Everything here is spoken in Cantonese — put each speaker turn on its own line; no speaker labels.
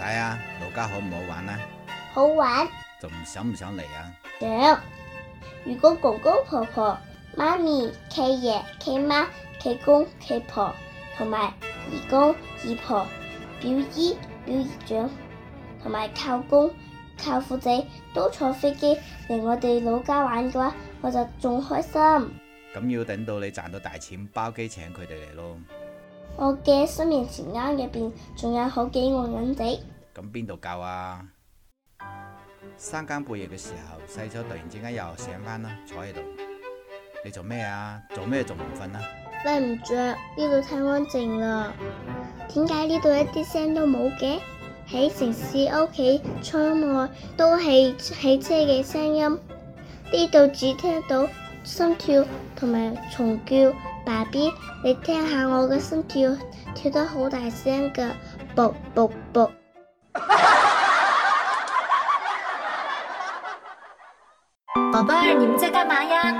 係啊，老家好唔好玩咧、啊？
好玩，
仲想唔想嚟啊？
想、嗯。如果公公婆婆、媽咪、契爺、契媽、契公、契婆同埋二公、二婆、表姨、表姨丈同埋舅公、舅父仔都坐飛機嚟我哋老家玩嘅話，我就仲開心。
咁要等到你賺到大錢包機請佢哋嚟咯。
我嘅失眠前間入邊，仲有好幾個人仔。
咁邊度夠啊？三更半夜嘅時候，細咗突然之間又醒翻啦，坐喺度。你做咩啊？做咩仲唔瞓啊？
瞓唔着，呢度太安靜啦。點解呢度一啲聲都冇嘅？喺城市屋企窗外都係汽車嘅聲音，呢度只聽到心跳同埋蟲叫。爸 B，你聽下我嘅心跳跳得好大聲㗎，噗噗噗！寶貝兒，你們在幹嘛呀？